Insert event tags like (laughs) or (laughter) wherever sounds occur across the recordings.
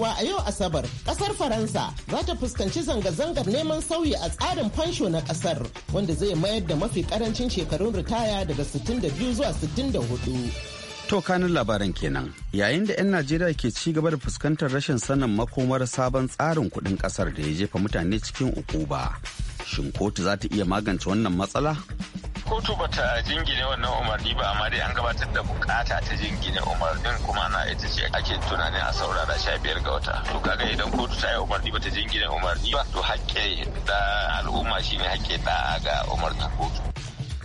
cewa a yau Asabar kasar Faransa za ta fuskanci zanga-zangar neman sauyi a tsarin fansho na kasar wanda zai mayar da mafi karancin shekarun ritaya daga 62 zuwa 64. To kanin labaran kenan yayin da 'yan Najeriya ke ci gaba da fuskantar rashin sanin makomar sabon tsarin kuɗin ƙasar da ya jefa mutane cikin ukuba. Shin kotu za ta iya magance wannan matsala? kotu ba ta jingine wannan umarni ba amma dai an gabatar da bukata ta jingine umarnin kuma na ita ce ake tunanin a saurara sha biyar ga wata to kaga idan kotu ta yi umarni ba ta jingine umarni ba to hakke da al'umma shi ne hakke da ga umarnin kotu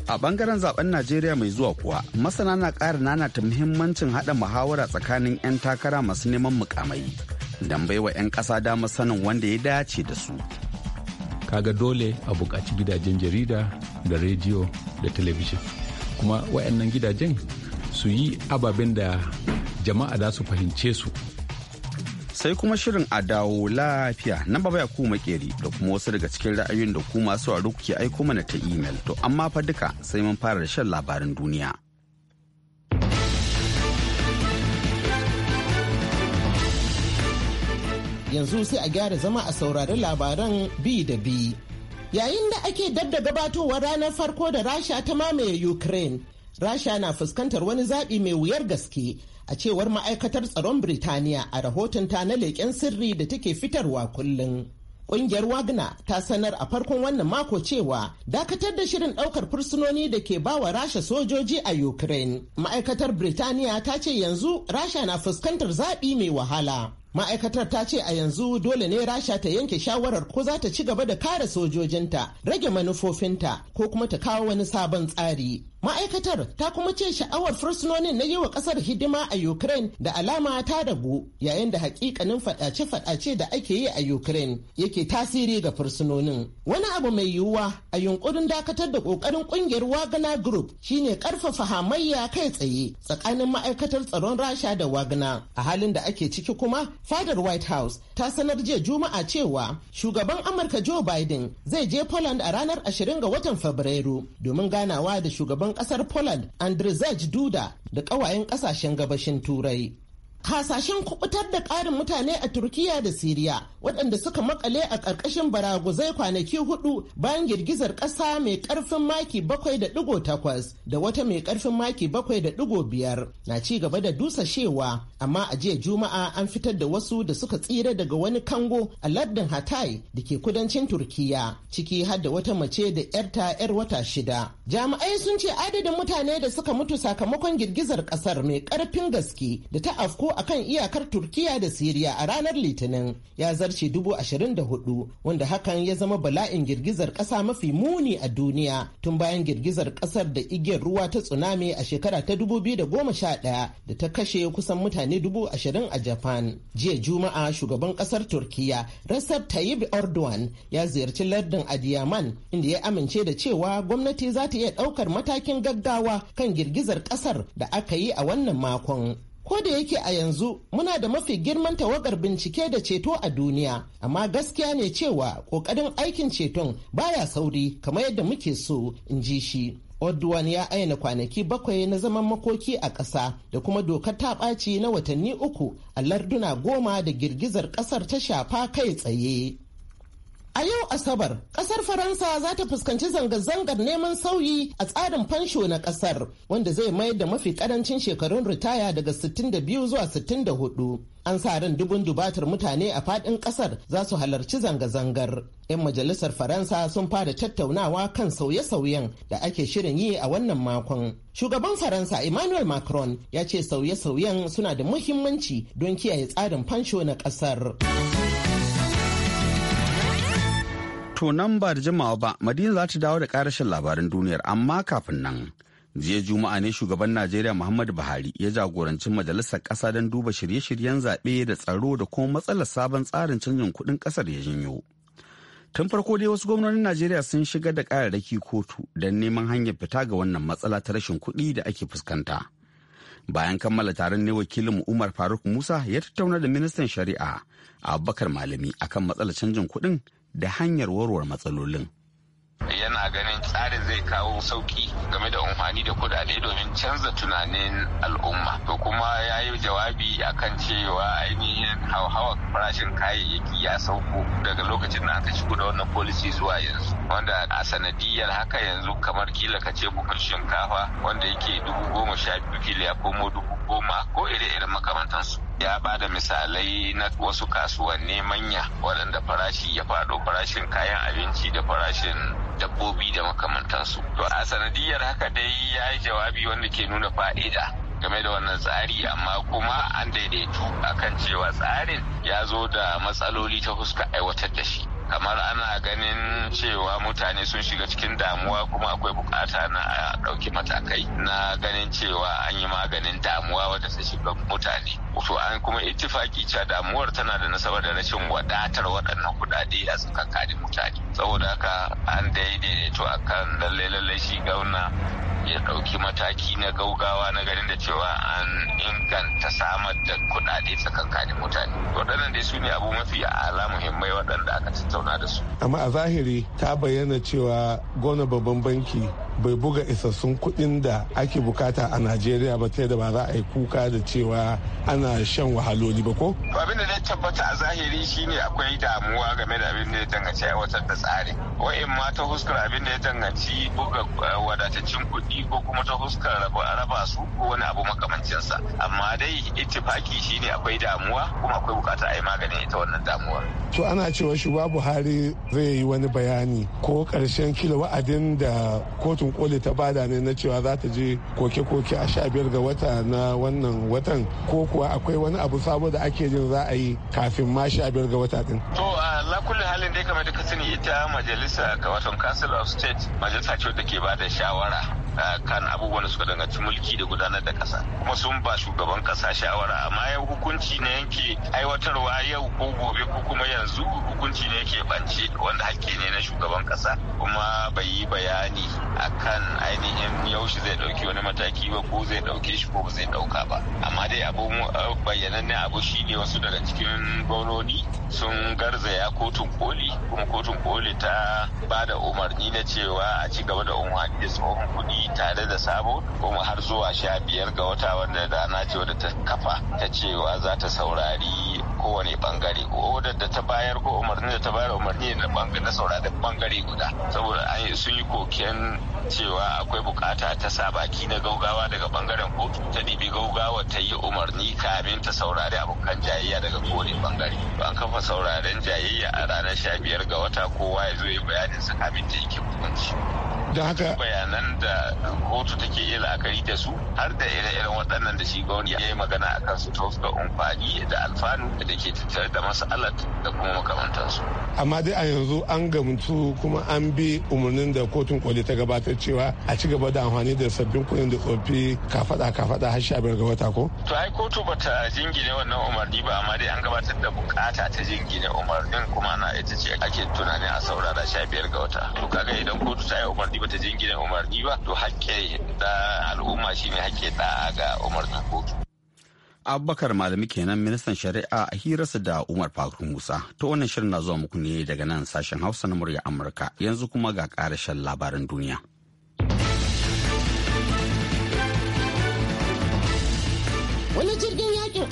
a bangaren zaben najeriya mai zuwa kuwa masana na ƙara ta muhimmancin haɗa muhawara tsakanin 'yan takara masu neman mukamai don baiwa 'yan kasa damar sanin wanda ya dace da su kaga dole a bukaci gidajen jarida da rediyo da telebijin kuma wayannan gidajen su yi ababen da jama'a za su fahimce su sai kuma shirin a dawo lafiya nan ba ya kuma makeri da kuma wasu daga cikin ra'ayoyin da ku masu kuke aiko mana ta imel to amma fa duka sai mun fara da shan labarin duniya. yanzu sai a gyara zama a saurari labaran bi da bi. Yayin da ake dab da gabatowar ranar farko da Rasha ta mamaye Ukraine, Rasha na fuskantar wani zaɓi mai wuyar gaske a cewar ma'aikatar tsaron Birtaniya a rahotonta na leƙen sirri da take fitarwa kullum. Ƙungiyar Wagner ta sanar a farkon wannan mako cewa dakatar da shirin ɗaukar fursunoni da ke ba wa Rasha sojoji a Ukraine. Ma'aikatar Birtaniya ta ce yanzu Rasha na fuskantar zaɓi mai wahala. ma'aikatar ta ce a yanzu dole ne rasha ta yanke shawarar ko za ta ci gaba da kare sojojinta rage manufofinta ko kuma ta kawo wani sabon tsari Ma'aikatar ta kuma ce sha'awar fursunonin na yi wa kasar hidima a Ukraine da alama ta ragu yayin da hakikanin fadace-fadace da ake yi a Ukraine yake tasiri ga fursunonin. Wani abu mai yiwuwa a yunkurin dakatar da kokarin kungiyar Wagner Group shine karfafa hamayya kai tsaye tsakanin ma'aikatar tsaron Rasha da Wagner. A halin da ake ciki kuma, fadar White House ta sanar jiya Juma'a cewa shugaban Amurka Joe Biden zai je Poland a ranar 20 ga watan Fabrairu domin ganawa da shugaban kasar Poland Andrzej Duda da ƙawayen ƙasashen gabashin Turai. hasashen kubutar da ƙarin mutane a turkiya da siriya waɗanda suka makale a ƙarƙashin baraguzai kwanaki hudu bayan girgizar ƙasa mai ƙarfin maki bakwai da ɗigo takwas da wata mai ƙarfin maki bakwai da ɗigo biyar na ci gaba da dusashewa amma a jiya juma'a an fitar da wasu da suka tsira daga wani kango a lardin hatay da ke kudancin turkiya ciki har da wata mace da yarta yar wata shida jami'ai sun ce adadin mutane da suka mutu sakamakon girgizar ƙasar mai ƙarfin gaske da ta afko akan iyakar Turkiya da Siriya a ranar Litinin ya zarce dubu ashirin da hudu wanda hakan ya zama bala'in girgizar ƙasa mafi muni a duniya tun bayan girgizar ƙasar da igiyar ruwa ta tsunami a shekara ta dubu biyu da goma sha ɗaya da ta kashe kusan mutane dubu ashirin a Japan. Jiya Juma'a shugaban ƙasar Turkiya rasar Tayyip Erdogan ya ziyarci lardin Adiyaman inda ya amince da cewa gwamnati za ta iya ɗaukar matakin gaggawa kan girgizar ƙasar da aka yi a wannan makon. Ko da yake a yanzu muna da mafi girman tawagar bincike da ceto a duniya, amma gaskiya ne cewa ƙoƙarin aikin ceton baya sauri kamar yadda muke so in ji shi. Odwan ya aina kwanaki bakwai na zaman makoki a ƙasa da kuma dokar ta ɓaci na watanni uku a larduna goma da girgizar ƙasar ta shafa kai tsaye. A yau Asabar, ƙasar Faransa za ta fuskanci zanga-zangar neman sauyi a tsarin fansho na ƙasar, wanda zai mayar da mafi ƙarancin shekarun ritaya daga 62 zuwa 64. An sa ran dubun dubatar mutane a faɗin ƙasar za su halarci zanga-zangar. 'Yan majalisar Faransa sun fara tattaunawa kan sauye-sauyen da ake shirin yi a wannan makon. Shugaban Faransa Emmanuel Macron ya ce sauye-sauyen suna da muhimmanci don kiyaye tsarin fansho na ƙasar. To nan ba da jimawa ba, Madina za ta dawo da karashin labaran duniyar amma kafin nan. Jiya Juma'a ne shugaban Najeriya Muhammadu Buhari ya jagoranci majalisar ƙasa don duba shirye-shiryen zaɓe da tsaro da kuma matsalar sabon tsarin canjin kuɗin ƙasar ya jinyo. Tun farko dai wasu gwamnonin Najeriya sun shiga da ƙararraki kotu don neman hanyar fita ga wannan matsala ta rashin kuɗi da ake fuskanta. Bayan kammala taron ne wakilin Umar Faruk Musa ya tattauna da ministan shari'a Abubakar Malami akan matsalar canjin kuɗin da hanyar warware matsalolin. yana ganin tsarin zai kawo sauki game da amfani da kudade domin canza tunanin al'umma to kuma ya yi jawabi akan cewa ainihin hauhawar farashin kayayyaki ya sauko daga lokacin da aka shigo da wannan policy zuwa yanzu wanda a sanadiyar haka yanzu kamar kila ka ce shinkafa wanda yake dubu goma sha biyu kila ya komo dubu goma ko ire-iren makamantansu ya bada misalai na wasu kasuwanni manya waɗanda farashi ya faɗo farashin kayan abinci da farashin dabbobi da makamantansu to a sanadiyar haka dai ya yi jawabi wanda ke nuna fa'ida game da wannan tsari amma kuma an daidaitu akan cewa tsarin ya zo da matsaloli ta fuska aiwatar da shi kamar ana ganin cewa mutane sun shiga cikin damuwa kuma akwai bukata na a ɗauki matakai na ganin cewa an yi maganin damuwa wadda ta shiga mutane to an kuma ittifaki cewa damuwar tana da nasaba da rashin wadatar waɗannan kuɗaɗe a tsakankanin mutane saboda haka an daidaito akan lallai lallai shi gauna ya ɗauki mataki na gaugawa na ganin da cewa an inganta samar da kuɗaɗe tsakankanin mutane waɗannan dai su ne abu mafi ala muhimmai waɗanda aka tattauna da su amma a zahiri ta bayyana cewa gona babban banki bai buga isassun kuɗin da ake bukata a najeriya ba ta da ba za a yi kuka da cewa ana shan wahaloli ba ko abin da zai tabbata a zahiri shine akwai damuwa game da abin da ya danganci aiwatar da tsari wa'in ma ta huskar abin da ya danganci buga eh, wadataccen kuɗi ko kuma ta huskar raba su ko wani abu sa amma dai ittifaki shine akwai damuwa kuma akwai bukata a yi maganin ita wannan damuwa to ana cewa shugaba hari zai yi wani bayani ko karshen kila wa'adin da kotu kotun koli ta bada ne na cewa za ta je koke-koke a sha biyar ga wata na wannan watan ko kuwa akwai wani abu sabo da ake jin za a yi kafin ma sha biyar ga wata din. to a lakulli halin dai kamar da ka sani ita majalisa ga watan council of state majalisa ce da ke bada shawara Eh, kan abubuwan da suka danganci mulki da gudanar da kasa kuma sun ba shugaban kasa shawara amma yau hukunci ne yanke aiwatarwa yau ko gobe ko kuma yanzu hukunci ne yake bance wanda hakki ne na shugaban kasa kuma bai yi bayani akan ainihin yaushe zai dauki wani mataki ba ko zai dauke shi ko ba zai dauka ba amma dai abu eh, bayyanannen abu shi ne wasu daga cikin gwamnoni sun garzaya kotun koli kuma kotun koli ta ba da umarni na cewa a ci gaba da umarni da tsohon kuɗi tare da sabo kuma har zuwa sha biyar ga wata wanda na ce wadda ta kafa ta cewa za ta saurari kowane bangare odar da ta bayar ko umarni da ta bayar umarni da bangare na saurari bangare guda saboda an sun yi koken cewa akwai bukata ta sa baki na gaugawa daga bangaren kotu ta dibi gaugawa ta yi umarni kamin ta saurari abokan jayayya daga kowane bangare an kafa sauraren jayayya a ranar sha biyar ga wata kowa ya zo ya bayanin su kamin ta yi hukunci. don haka bayanan da kotu take yi la'akari da su har da ire-iren waɗannan da shi gwamnati ya yi magana a kansu ta fuskar umfani da alfanu da ke tattare da masalat da kuma makamantansu amma dai a yanzu an gamtu kuma an bi umarnin da kotun koli ta gabatar cewa a ci gaba da amfani da sabbin kuɗin da tsofi kafaɗa kafaɗa har sha biyar ga wata ko to ai kotu bata jingine wannan umarni ba amma dai an gabatar da bukata ta jingine umarnin kuma na ita ce ake tunanin a saurara sha biyar ga wata to kaga idan kotu ta yi umarni bata jingine umarni ba to hakke da al'umma shine hakke da ga umarnin kotu abubakar malami kenan ministan shari'a a hirarsa da umar faruk musa ta wannan shirin na zuwa muku ne daga nan sashen hausa na murya amurka yanzu kuma ga karashen labaran duniya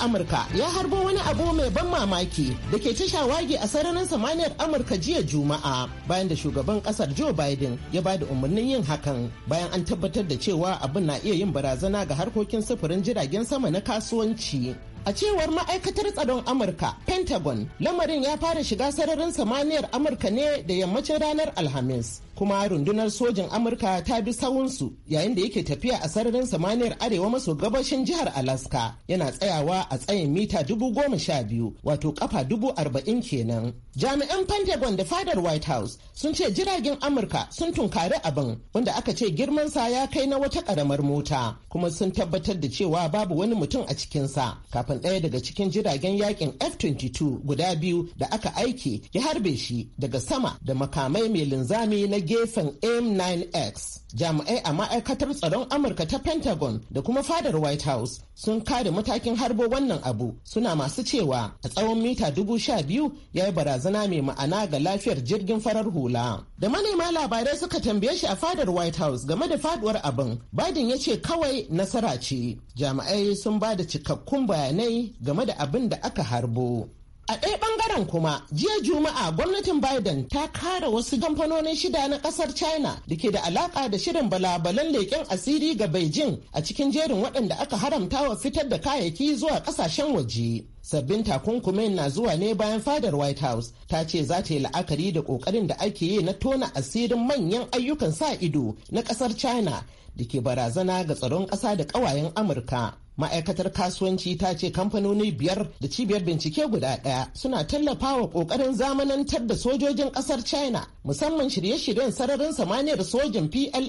Amurka ya harbo wani abu mai ban mamaki da ke ci shawagi a sararin samaniyar Amurka jiya Juma'a bayan da shugaban kasar Joe Biden ya ba da umarnin yin hakan bayan an tabbatar da cewa abin na iya yin barazana ga harkokin sufurin jiragen sama na kasuwanci. A cewar ma'aikatar tsaron Amurka, Pentagon, lamarin ya fara shiga sararin samaniyar Amurka ne da yammacin ranar Alhamis. kuma rundunar sojin amurka ta bi tsawonsu yayin da yake tafiya a sararin samaniyar arewa maso gabashin jihar alaska yana tsayawa a tsayin mita dubu goma sha biyu wato kafa dubu arba'in kenan jami'an pentagon da fadar white house sun ce jiragen amurka sun tunkari abin wanda aka ce girmansa ya kai na wata karamar mota kuma sun tabbatar da cewa babu wani mutum a cikinsa kafin ɗaya daga cikin jiragen yakin f-22 guda biyu da aka aiki ya harbe shi daga sama da makamai mai linzami na gefen m9x jami'ai a ma'aikatar tsaron amurka ta pentagon da kuma fadar white house sun kare matakin harbo wannan abu suna masu cewa a tsawon mita dubu sha biyu ya yi barazana mai ma'ana ga lafiyar jirgin farar hula da manema labarai suka tambaye shi a fadar white house game da faduwar abin biden ya ce kawai nasara ce jami'ai sun ba da cikakkun bayanai game da abin da aka harbo A ɗaya ɓangaren kuma, jiya Juma'a gwamnatin Biden ta kara wasu kamfanonin shida na ƙasar China da ke da alaƙa da shirin balabalan leƙen asiri ga Beijing a cikin jerin waɗanda aka haramta wa fitar da kayayyaki zuwa ƙasashen waje. Sabbin takunkumin na zuwa ne bayan fadar White House ta ce za ta yi la'akari da ƙoƙarin da ake yi na tona asirin manyan ayyukan sa ido na ƙasar China da ke barazana ga tsaron ƙasa da ƙawayen Amurka. ma'aikatar kasuwanci ta ce kamfanoni biyar da cibiyar bincike guda daya suna tallafawa kokarin zamanantar da sojojin kasar china musamman shirye-shiryen sararin samaniyar sojin pla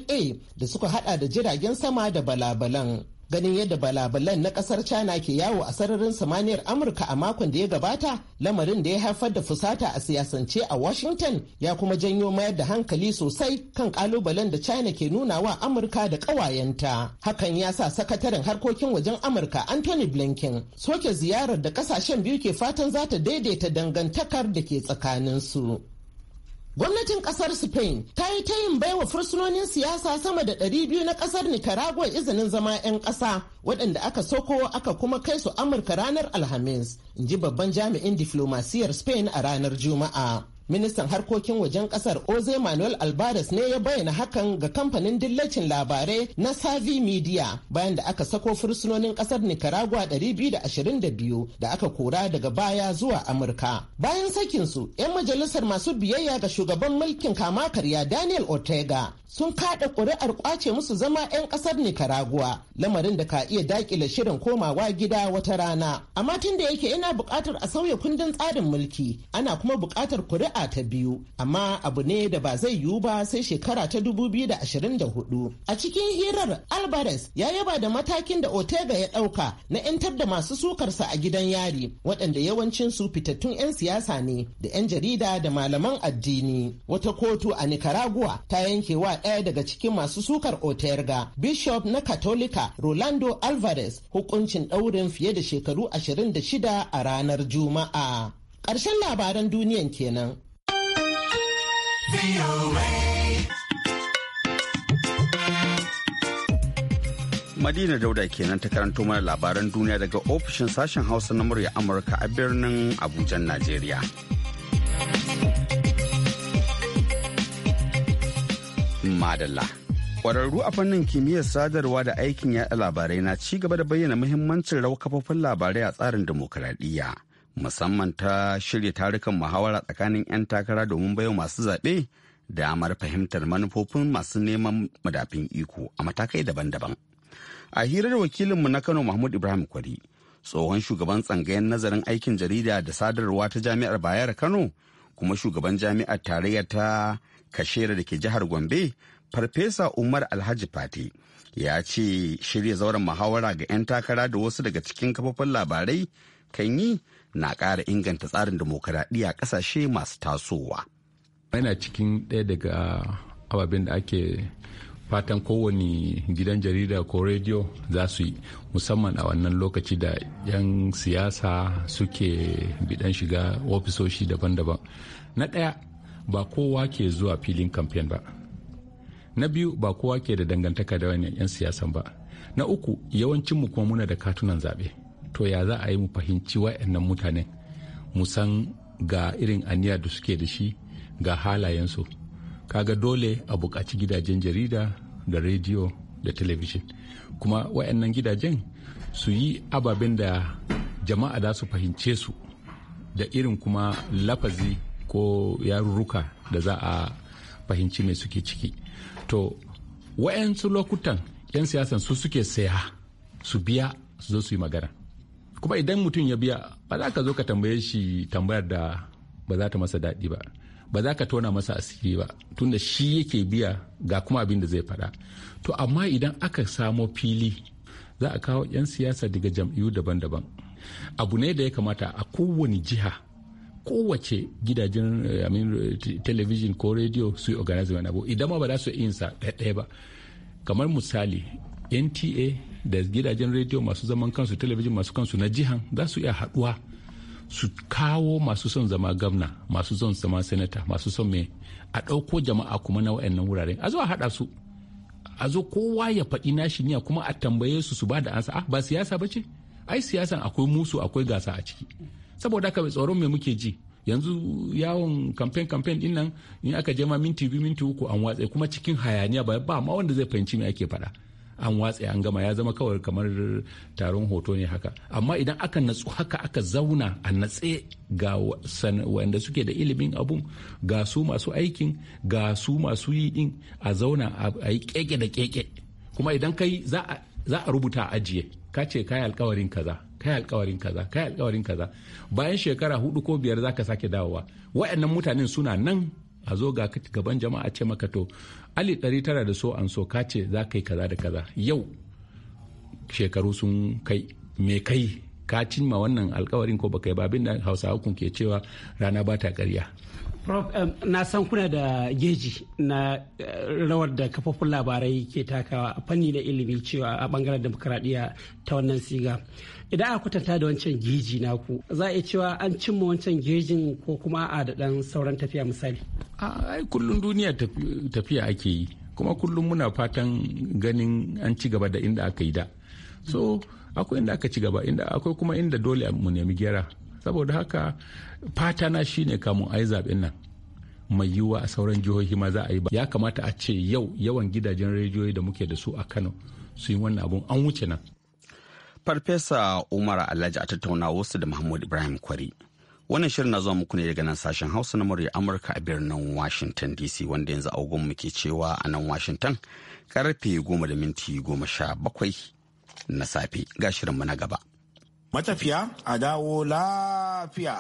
da suka hada da jiragen sama da balabalan ganin yadda balabalan na kasar china ke yawo a sararin samaniyar amurka a makon da ya gabata lamarin da ya haifar da fusata a siyasance a washington ya kuma janyo mayar da hankali sosai kan kalubalen da china ke nuna wa amurka da kawayenta hakan ya sa sakataren harkokin wajen amurka anthony blinken soke ziyarar da kasashen biyu ke fatan za ta daidaita dangantakar da ke tsakaninsu Gwamnatin kasar Spain ta yi ta yin baiwa fursunonin siyasa sama da 200 na kasar Nicaragua izinin zama 'yan ƙasa waɗanda aka soko aka kuma kai su Amurka ranar Alhamis, in ji babban jami'in diflomasiyar Spain a ranar Juma'a. ministan harkokin wajen kasar oze manuel albares ne ya bayyana hakan ga kamfanin dillacin labarai na savi media bayan da aka sako fursunonin kasar nicaragua 222 da aka kora daga baya zuwa amurka bayan sakinsu 'yan majalisar masu biyayya ga shugaban mulkin kama karya daniel ortega sun kada ƙuri'ar kwace musu zama 'yan ƙasar Nicaragua lamarin da ka iya dakile shirin komawa gida wata rana. Amma tun da yake yana buƙatar a sauya kundin tsarin mulki ana kuma buƙatar ƙuri'a ta biyu amma abu ne da ba zai yiwu ba sai shekara ta 2024. A cikin hirar Alvarez ya yaba da matakin da Ortega ya ɗauka na 'yantar da masu sukarsa a gidan yari waɗanda yawancin su fitattun 'yan siyasa ne da 'yan jarida da malaman addini. Wata kotu a Nicaragua ta yanke wa ɗaya daga cikin masu sukar Oterga, Bishop na Katolika Rolando Alvarez hukuncin ɗaurin fiye da shekaru 26 a ranar Juma'a. Ƙarshen labaran duniyan kenan. Madina Dauda kenan ta karanto mana labaran duniya daga ofishin sashen Hausa na murya Amurka a birnin Abuja, Najeriya. Madalla. Kwararru a fannin kimiyyar sadarwa da aikin yaɗa labarai na ci gaba da bayyana muhimmancin rawa kafofin labarai a tsarin demokuraɗiyya. Musamman ta shirya tarukan muhawara tsakanin 'yan takara domin bayo masu zaɓe damar fahimtar manufofin masu neman madafin iko a matakai daban-daban. A hirar wakilinmu na Kano Mahmud Ibrahim Kwari, tsohon shugaban tsangayar nazarin aikin jarida da sadarwa ta Jami'ar Bayar Kano, kuma shugaban Jami'ar Tarayya ta kashera da ke jihar gombe farfesa umar alhaji fati ya ce shirya zauren muhawara ga 'yan takara da wasu daga cikin kafofin labarai kan yi na ƙara inganta tsarin dimokuraɗiyya ƙasashe masu tasowa. yana cikin ɗaya daga ababen da ake fatan kowane gidan jarida ko rediyo za su yi musamman a wannan lokaci da 'yan siyasa suke bidan shiga ofisoshi daban-daban na ɗaya ba kowa ke zuwa filin kamfen ba na biyu ba kowa ke da dangantaka da wani 'yan siyasan ba na uku yawancin mu kuma muna da katunan zaɓe to ya za a yi mu fahimci wa'annan mutanen mu san ga irin aniya da suke da shi ga halayen su kaga dole a buƙaci gidajen jarida da rediyo da talabijin kuma wa'annan gidajen su yi ababen da jama'a da su fahimce su da irin kuma lafazi ko yarurruka da za a fahimci mai suke ciki to wa'yansu lokutan 'yan siyasan su suke saya su biya su zo su yi magana kuma idan mutum ya biya ba za ka zo ka tambaye shi tambayar da ba za ta masa daɗi ba ba za ka tona masa asiri ba tunda shi yake biya ga kuma abin da zai faɗa to amma idan aka samo fili za a kawo 'yan siyasa daga jam'iyyu daban-daban abu ne da ya kamata a kowane jiha kowace gidajen eh, eh, television ko radio su yi organize wani abu idan ma ba za su yin sa ɗaya ba kamar misali nta da gidajen radio masu zaman kansu television masu kansu na jihan za su iya haɗuwa su kawo masu son zama gamna masu son zama senator masu son mai a ɗauko jama'a kuma na wa'annan wuraren a zo a haɗa su a zo kowa ya faɗi nashi niya kuma a tambaye su su ba da ansa ah ba siyasa ba ce ai siyasan akwai musu akwai gasa a ciki saboda haka tsoron me muke ji yanzu yawon campaign campaign din nan in aka je ma minti biyu minti uku an watse kuma cikin hayaniya ba ba ma wanda zai fahimci me ake faɗa an watse an gama ya zama kawai kamar taron hoto ne haka amma idan aka natsu haka aka zauna a natse ga wanda suke da ilimin abun ga su masu aikin ga su masu yi din a zauna a yi keke da keke kuma idan kai za a rubuta ajiye ka ce kayi alkawarin kaza kai alkawarin kaza kai alkawarin kaza bayan shekara hudu ko biyar zaka sake dawowa wa'annan mutanen suna nan a zo ga gaban jama'a ce maka to ali ɗari tara da so an so ka ce za ka yi kaza da kaza yau shekaru sun kai me kai ka cimma wannan alkawarin ko baka yi ba abin hausawa kun ke cewa rana ba ta ƙarya Um, na san kuna da geji na uh, rawar da kafofin labarai ke takawa a fanni na ilimi cewa a bangaren demokaradiyya ta wannan siga idan a kwatanta da wancan geji naku za a cewa an cimma wancan gejin ko kuma a da dan sauran tafiya misali ai kullum duniya tafiya ake yi kuma kullum muna fatan ganin an ci gaba da inda aka yi da so akwai inda aka ci gaba inda akwai kuma inda dole mu nemi gyara saboda haka fata na shine kamun ayi zaben nan mai yiwuwa a sauran jihohi ma za a yi ba ya kamata a ce yau yawan gidajen rediyoyi da muke da su a kano su yi wannan abun an wuce nan farfesa umar alhaji a tattauna wasu da muhammad ibrahim kwari wannan shirin na zuwa muku ne daga nan sashen hausa na murya amurka a birnin washington dc wanda yanzu agogon mu ke cewa a nan washington karfe goma da minti goma sha bakwai na safe ga shirinmu na gaba matafiya a dawo lafiya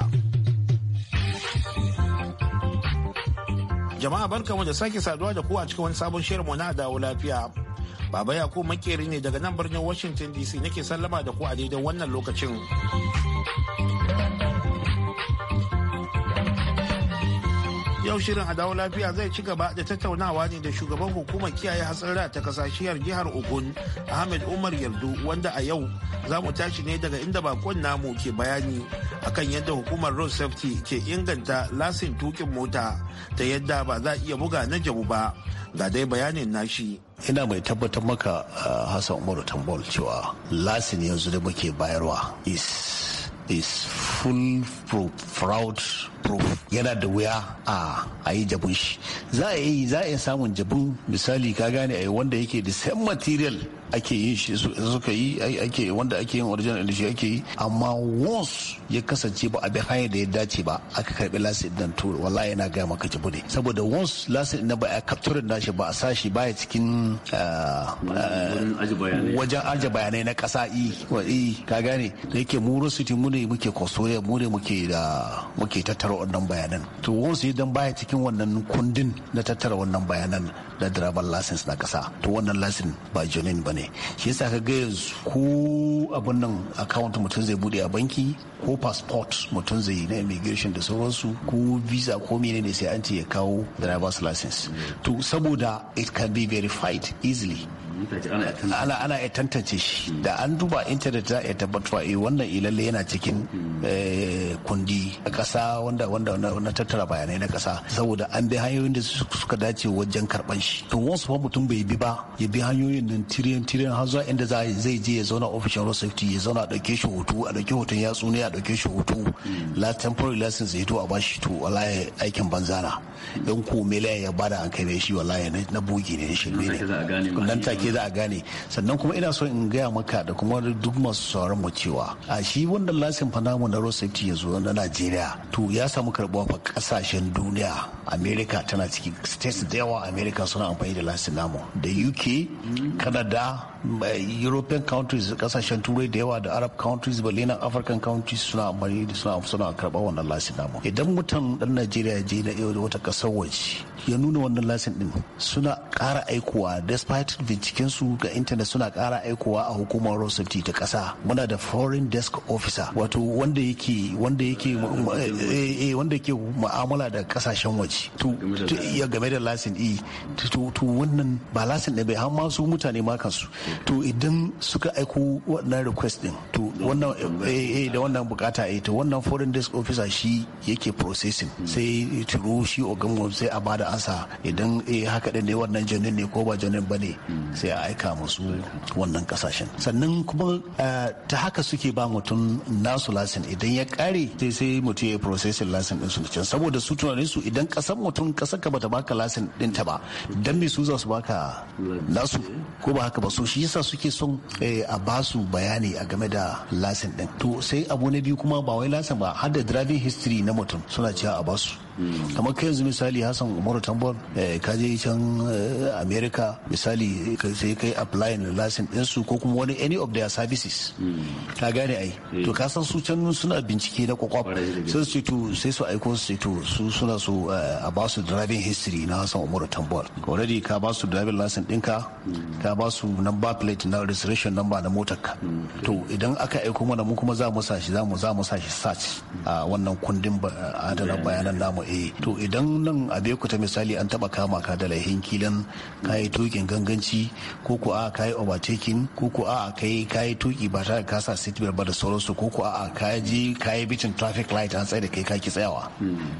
Jama'a barka mu da sake saduwa da ku a cikin wani sabon shirinmu na dawo lafiya. Baba Yakubu makeri ne daga nan birnin Washington DC nake sallama da ku a daidai wannan lokacin. yau shirin adawa lafiya zai ci gaba da tattaunawa ne da shugaban hukumar kiyaye hatsara ta kasashiyar jihar ogun ahmed umar yardu wanda a yau za mu tashi ne daga inda bakon namu ke bayani akan yadda hukumar road safety ke inganta lasin tukin mota ta yadda ba za a iya buga na jabu ba ga dai bayanin nashi ina mai tabbatar maka ah, hassan umaru tambol cewa lasin yanzu da muke bayarwa is is full proof fraud proof yana da wuya a ayi yi jabun shi za a yi za a samun jabun misali ka gane a yi wanda yake da same material ake yi shi suka yi ake wanda ake yin original da shi ake yi amma once ya kasance ba a bi hanyar da ya dace ba aka karbi lasin dan turu wallahi yana gaya maka jibu ne saboda once lasin na ba a capture da shi ba a sashi baya cikin ah, ah, wajen aje bayanai na kasa i ka gane da yake mu city mu ne muke kwasoriya mu ne muke da muke tattara wannan bayanan to once idan baya cikin wannan kundin na tattara wannan bayanan da driver license na kasa to wannan lasin ba jonin ba ne shi yasa ka ga yanzu ko abin nan account mutum zai bude a banki ko passport mutum zai yi na immigration da sauransu ko visa ko ne sai an ce ya kawo driver's license to saboda it can be verified easily ana ana iya tantance shi hmm. da an duba intanet za a iya tabbatarwa eh wannan ilalle yana cikin hmm. eh, kundi na kasa wanda wanda na tattara bayanai na kasa saboda an bi hanyoyin da suka dace wajen karban shi to wasu fa mutum bai bi ba ya bi hanyoyin nan tiriyan tiriyan har zuwa inda zai je ya zauna ofishin road safety ya zauna a dauke shi hoto a dauke hoton yatsu ne a dauke shi hoto hmm. la temporary license ya to a bashi to wallahi aikin banzana dan ko mele ya bada an kai shi wallahi na bogi ne shi ne gaske za a gane sannan kuma ina so in gaya maka da kuma duk masu sauran mu cewa a shi wanda lasin fanamu na road safety yanzu na Najeriya to ya samu karbuwa fa kasashen duniya America tana ciki states da yawa America suna amfani da lasin namu da UK Canada eh, european countries kasashen turai da yawa da arab countries balinan african countries suna amfani da suna suna karba wannan lasin namu idan mutum dan najeriya je na yau wata kasar waje ya nuna wannan lasin din suna ƙara aikowa despite bincike su ga intanet suna ƙara aikowa a hukumar road ta ƙasa muna da foreign desk officer wato wanda yake wanda yake eh, eh, wanda yake mu'amala da kasashen waje to ya game da lasin e to to wannan ba lasin ne bai hamma su mutane ma kansu to idan suka aiko wannan request din to wannan eh, eh da wannan bukata eh to wannan foreign desk officer shi yake processing sai turo shi ogamon sai a bada ansa idan eh haka din ne wannan janin ne ko ba janin bane hmm. sai sai a aika musu wannan kasashen sannan kuma eh, ta haka suke ba mutum nasu lasin idan ya kare sai sai mutum ya processing lasin din su can saboda su tunanin su idan kasan mutum kasar ka bata baka lasin din ta ba dan me su za su baka nasu ko ba haka ba so shi yasa suke son eh, a ba su bayani a game da lasin din to sai abu na biyu kuma ba wai lasin ba har da driving history na mutum suna cewa a ba su kamar kai yanzu misali Hassan Umaru Tambor. Eh, ka je can America misali sai kai applying lasin din su ko kuma wani any of their services hmm. ka gane ai hmm. to ka san su can suna bincike na kwakwa sai su to sai su aiko su to su suna so eh, a ba su driving history na Hassan Umaru Tambol already ka ba su driving license ɗinka hmm. ka ba su number plate na registration number na motar ka to idan aka aiko mana mu kuma za mu sa shi za mu za mu sa shi search a wannan kundin adana bayanan namu eh to idan nan a ku ta misali an taba kama ka da laihin kilan kai tukin ganganci ko ko a kayi overtaking ko ko a kai kayi tuki ba tare ka sa belt ba da sauransu ko ko a ka ji kai bitin traffic light an tsaye da kai kaki tsayawa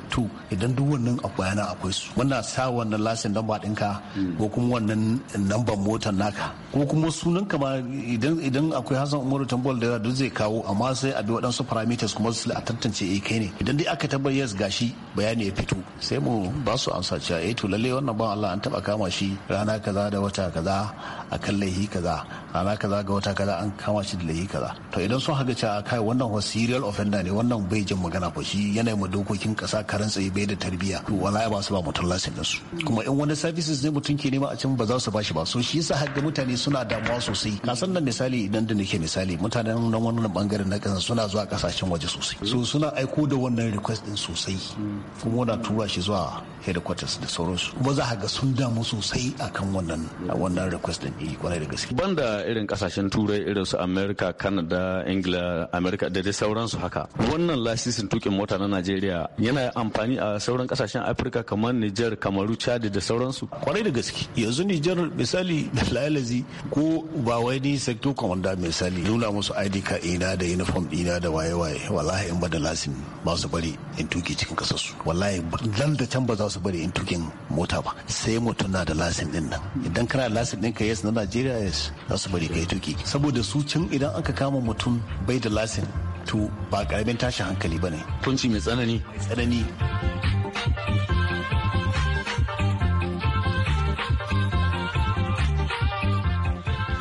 to idan duk wannan akwai bayana akwai su wannan sa wannan lasin number ɗinka ko kuma wannan number motar naka ko kuma sunan ka ma idan idan akwai Hassan Umaru Tambol da duk zai kawo amma sai a bi waɗansu parameters kuma su a tantance eh kai ne idan dai aka tabbar yes gashi bayani ya fito sai mu ba su amsa cewa eh to lalle wannan ban Allah an taba kama shi rana kaza da wata kaza akan laihi kaza rana kaza ga wata kaza an kama shi da laihi kaza to idan sun haga cewa kai wannan wa serial offender ne wannan bai jin magana ba shi yanayin mu dokokin kasa karan tsaye bai da tarbiyya to wallahi ba su ba mutum lasin su kuma in wani services ne mutum ke nema a cikin ba za su bashi ba so shi yasa haga mutane suna damuwa sosai na san nan misali idan da nake misali mutanen nan wannan bangaren na kasa suna zuwa kasashen waje sosai so suna aiko da wannan request din sosai kuma na tura shi zuwa headquarters da sauransu ba za ga sun damu sosai akan wannan wannan request din yi eh, kwarai da gaske banda irin kasashen turai irin su america canada ingila america da dai sauransu haka wannan lasisin tukin mota na nigeria yana amfani a sauran kasashen africa kamar niger kamaru chad da sauransu kwarai da gaske yanzu niger misali (laughs) lalazi ko ba wai ni sector commander misali nuna musu id ka ina da uniform ina da waye waye wallahi in ba da lasin ba su bari in tuki cikin kasarsu wallahi nan da can ba za su su bari in tukin mota ba sai mutum na da lasin din nan idan kana lasin din ka yes na Najeriya yes za su bari kai tuki saboda su can idan aka kama mutum bai da lasin to ba karamin tashin hankali bane tunci mai tsanani tsanani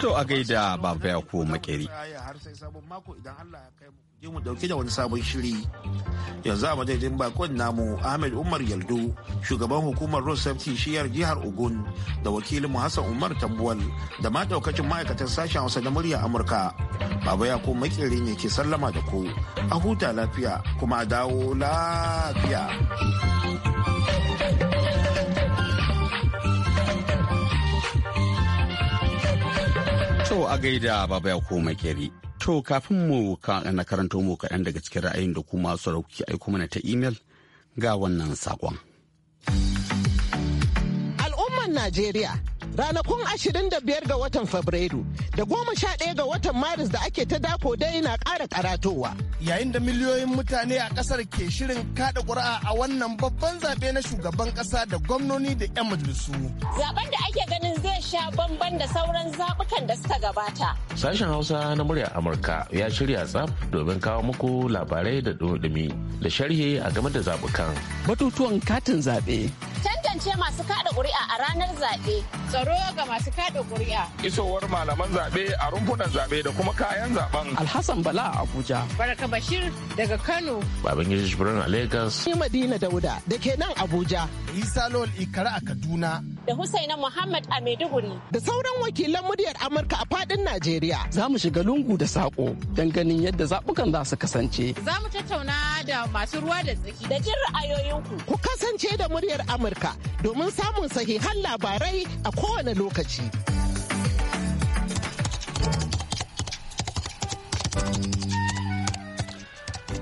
To a gaida ba ya ko makeri. Har sai sabon mako idan Allah ya kai mu. mu dauke da wani sabon shiri yanzu a madadin bakon namu ahmed umar yaldu shugaban hukumar road safety shiyar jihar ogun da wakilin mu hassan umar tambuwal da ma daukacin ma'aikatan sashen hausa na murya amurka baba ya ko makere ne ke sallama da ku a huta lafiya kuma dawo lafiya To a gaida baba ya koma keri. To kafin mu na karanto mu kaɗan daga cikin ra'ayin da kuma su rauki aiko mana ta imel ga wannan sakon. Al'ummar Najeriya ranakun 25 ga watan fabrairu da goma sha 11 ga watan maris da ake ta dako dai na ƙara karatowa yayin da miliyoyin mutane a ƙasar ke shirin kaɗa ƙuri'a a wannan babban zaɓe na shugaban ƙasa da gwamnoni da 'yan majalisu zaben da ake ganin zai sha bamban da sauran zaɓukan da suka gabata sashen hausa na murya amurka ya shirya tsaf domin kawo muku labarai da dumi da sharhi a game da zaɓukan batutuwan katin zaɓe ta kasance masu kada kuri'a a ranar zaɓe. Tsaro ga masu kada kuri'a Isowar malaman zaɓe a rumfunan zaɓe da kuma kayan zaɓen. Alhassan Bala a Abuja. Baraka Bashir daga Kano. Babangida Jibrin a Lagos. Ni Madina Dauda da ke nan Abuja. Isa Lol Ikara a Kaduna. Da Husaina Muhammad a Maiduguri. Da sauran wakilan muryar Amurka a faɗin Najeriya. Za mu shiga lungu da saƙo don ganin yadda zaɓukan za su kasance. Za mu tattauna da masu ruwa da tsaki. Da jin ra'ayoyinku. Ku kasance da muryar Amurka domin samun sahihan labarai a kowane lokaci.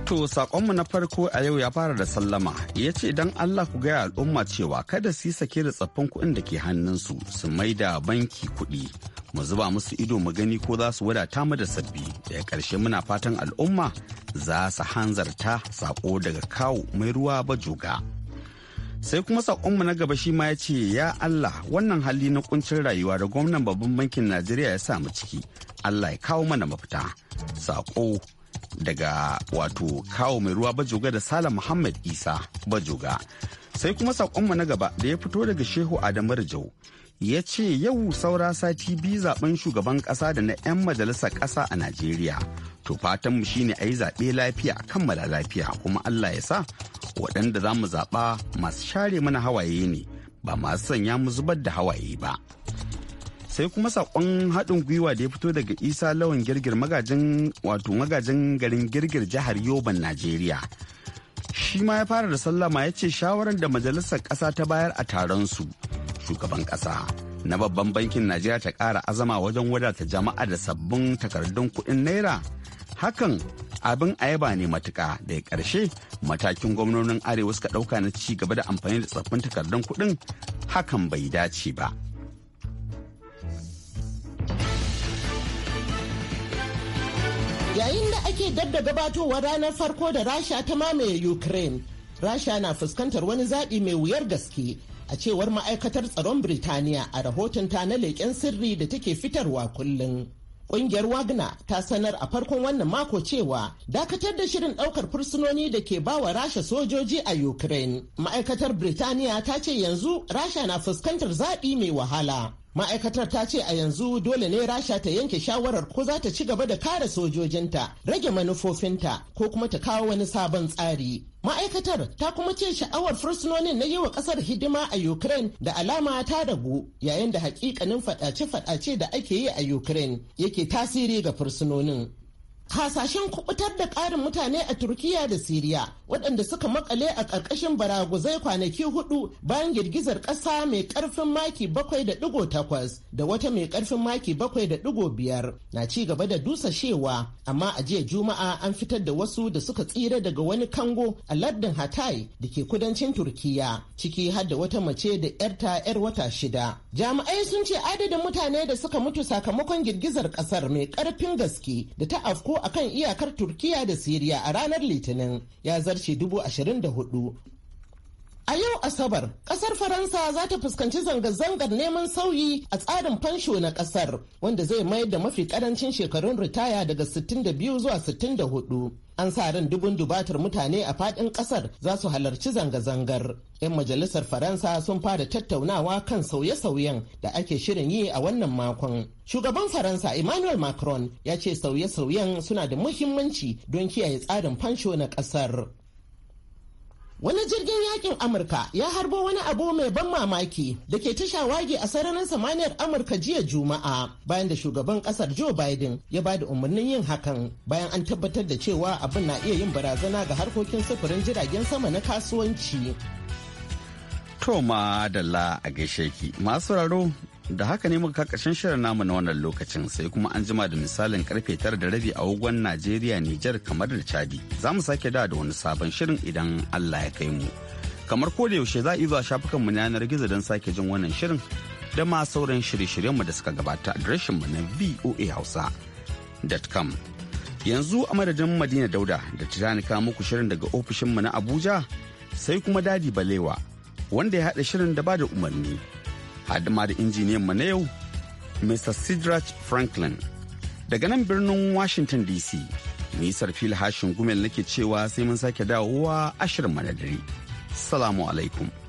To sakonmu na farko a yau ya fara da sallama ya ce don Allah ku gaya al'umma cewa kada su yi sake da tsaffin kuɗin da ke hannunsu su mai da banki kuɗi mu zuba musu ido mu gani ko za su wadata mu da sabbi daga ƙarshe muna fatan al'umma za su hanzarta sako daga kawo mai ruwa ba juga. sai kuma sakonmu na gaba shi ma ya ce ya Allah wannan hali na kuncin rayuwa da gwamnan babban bankin Najeriya ya sa mu ciki Allah ya kawo mana mafita sako daga wato kawo mai ruwa bajoga da Saleh Muhammad Isa bajoga sai kuma sakonmu na gaba da ya fito daga Shehu Adamu Rajau ya ce yau saura sati biyu zaben shugaban kasa da na 'yan majalisar kasa a Najeriya to fatanmu shine a yi zaɓe lafiya a kammala lafiya kuma allah ya sa waɗanda za mu zaɓa masu share mana hawaye ne ba masu sanya mu zubar da hawaye ba sai kuma saƙon haɗin gwiwa da ya fito daga isa lawan girgir magajin wato magajin garin girgir jihar yoban najeriya shi ma ya fara da sallama ya ce shawarar da majalisar ƙasa ta bayar a taron su shugaban ƙasa na babban bankin najeriya ta ƙara azama wajen wadata jama'a da sabbin takardun kuɗin naira hakan abin ayaba ne matuka da ƙarshe matakin gwamnonin arewa suka ɗauka na ci gaba da amfani da tsaffin takardun kuɗin hakan bai dace ba yayin da ake dadda gabato gabatowa ranar farko da rasha ta mamaye ukraine rasha na fuskantar wani zaɓi mai wuyar gaske a cewar ma'aikatar tsaron Birtaniya a rahotonta na leƙen sirri da take fitarwa kullum. Ƙungiyar Wagner ta sanar a farkon wannan mako cewa dakatar da shirin ɗaukar fursunoni da ke bawa Rasha sojoji a Ukraine. Ma'aikatar Birtaniya ta ce yanzu Rasha na fuskantar zaɓi mai wahala. ma'aikatar ta ce a yanzu dole ne rasha ta yanke shawarar ko za ta ci gaba da kare sojojinta rage manufofinta ko kuma ta kawo wani sabon tsari ma'aikatar ta kuma ce sha'awar fursunonin na yi wa kasar hidima a ukraine da alama ta ragu yayin da hakikanin fadace-fadace da ake yi a ukraine yake tasiri ga fursunonin hasashen kubutar da ƙarin mutane a turkiya da siriya waɗanda suka makale a ƙarƙashin baraguzai kwanaki hudu bayan girgizar ƙasa mai ƙarfin maki bakwai da ɗigo takwas da wata mai ƙarfin maki bakwai da ɗigo biyar na ci gaba da dusashewa amma a jiya juma'a an fitar da wasu da suka tsira daga wani kango a lardin hatay da ke kudancin turkiya ciki har da wata mace da yarta yar wata shida jami'ai sun ce adadin mutane da suka mutu sakamakon girgizar ƙasar mai ƙarfin gaske da ta afko akan iyakar Turkiya da Siriya a ranar Litinin ya zarce dubu ashirin da hudu A yau Asabar, kasar Faransa za ta fuskanci zanga-zangar neman sauyi a tsarin fansho na kasar, wanda zai mayar da mafi karancin shekarun ritaya daga 62 zuwa 64. An sa ran dubun dubatar mutane a fadin kasar za su halarci zanga-zangar. 'Yan majalisar Faransa sun fara tattaunawa kan sauye-sauyen da ake shirin yi a wannan makon. Shugaban Faransa Emmanuel Macron ya ce sauye-sauyen suna da muhimmanci don kiyaye tsarin fansho na kasar. Wani jirgin yakin Amurka ya harbo wani abu mai ban mamaki da ke ta shawagi a sararin samaniyar Amurka jiya Juma'a bayan da shugaban kasar Joe Biden ya ba da umarnin yin hakan bayan an tabbatar da cewa abin na iya yin barazana ga harkokin sufurin jiragen sama na kasuwanci. To ma a gaishe ki masu raro da haka ne muka kakashin shirin namu na wannan lokacin sai kuma an jima da misalin karfe tara da rabi a ugwan najeriya nijar kamar da chadi za mu sake da da wani sabon shirin idan allah ya kai mu kamar ko da yaushe za a zuwa shafukanmu na yanar gizo don sake jin wannan shirin da ma sauran shirye-shiryenmu da suka gabata adireshin mu na hausa.com yanzu a madadin madina dauda da kawo muku shirin daga ofishinmu na abuja sai kuma dadi balewa wanda ya haɗa shirin da ba da umarni adama da injiniyan mu na yau mr sidrach franklin daga nan birnin washington dc nisar fil hashin gumel nake cewa sai mun sake dawowa ashirin na dare salamu alaikum